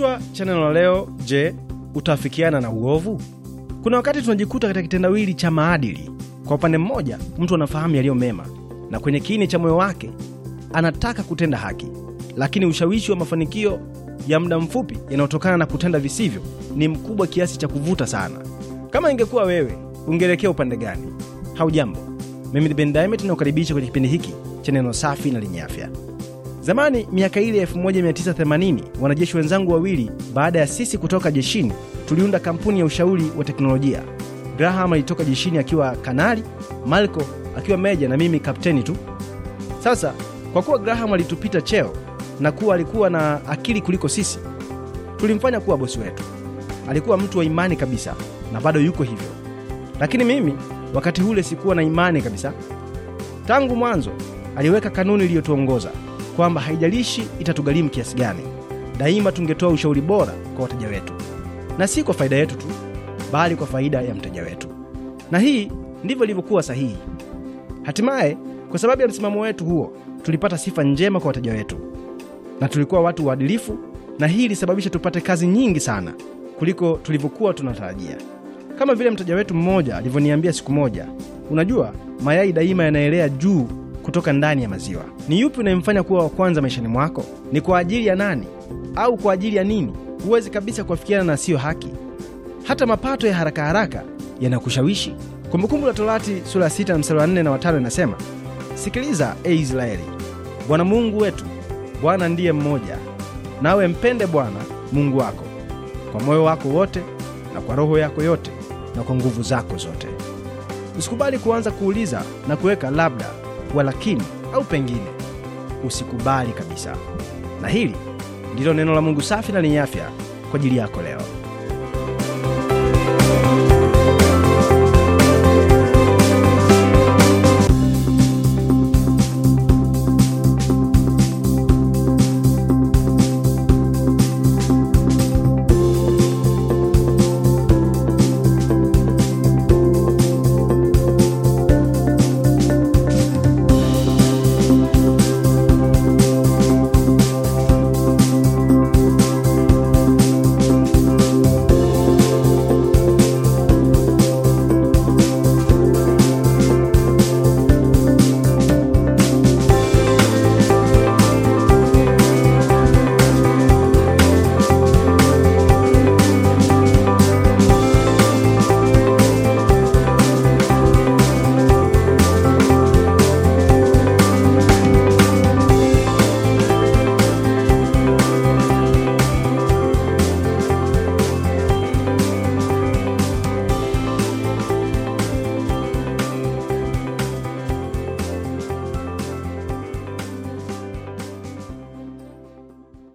Kichwa cha neno la leo: Je, utafikiana na uovu? Kuna wakati tunajikuta katika kitendawili cha maadili. Kwa upande mmoja, mtu anafahamu yaliyo mema na kwenye kiini cha moyo wake anataka kutenda haki, lakini ushawishi wa mafanikio ya muda mfupi yanayotokana na kutenda visivyo ni mkubwa kiasi cha kuvuta sana. Kama ingekuwa wewe, ungeelekea upande gani? Haujambo, mimi ni Ben Dynamite kwenye kipindi hiki cha neno safi na lenye afya. Zamani miaka ile 1980 wanajeshi wenzangu wawili, baada ya sisi kutoka jeshini, tuliunda kampuni ya ushauri wa teknolojia. Graham alitoka jeshini akiwa kanali, Malco akiwa meja na mimi kapteni tu. Sasa kwa kuwa Graham alitupita cheo na kuwa alikuwa na akili kuliko sisi, tulimfanya kuwa bosi wetu. Alikuwa mtu wa imani kabisa na bado yuko hivyo, lakini mimi wakati ule sikuwa na imani kabisa. Tangu mwanzo aliweka kanuni iliyotuongoza kwamba haijalishi itatugharimu kiasi gani, daima tungetoa ushauri bora kwa wateja wetu, na si kwa faida yetu tu, bali kwa faida ya mteja wetu. Na hii ndivyo ilivyokuwa sahihi. Hatimaye, kwa sababu ya msimamo wetu huo, tulipata sifa njema kwa wateja wetu, na tulikuwa watu waadilifu, na hii ilisababisha tupate kazi nyingi sana kuliko tulivyokuwa tunatarajia. Kama vile mteja wetu mmoja alivyoniambia siku moja, unajua, mayai daima yanaelea juu kutoka ndani ya maziwa? Ni yupi unayemfanya kuwa wa kwanza maishani mwako? Ni kwa ajili ya nani au kwa ajili ya nini? Huwezi kabisa kuafikiana na siyo haki. Hata mapato ya haraka haraka yanakushawishi. Kumbukumbu la Torati sura ya sita mstari wa nne na watano inasema, sikiliza e Israeli, Bwana Mungu wetu Bwana ndiye mmoja, nawe mpende Bwana Mungu wako kwa moyo wako wote na kwa roho yako yote na kwa nguvu zako zote. Usikubali kuanza kuuliza na kuweka labda walakini au pengine usikubali kabisa. Na hili ndilo neno la Mungu safi na lenye afya kwa ajili yako leo.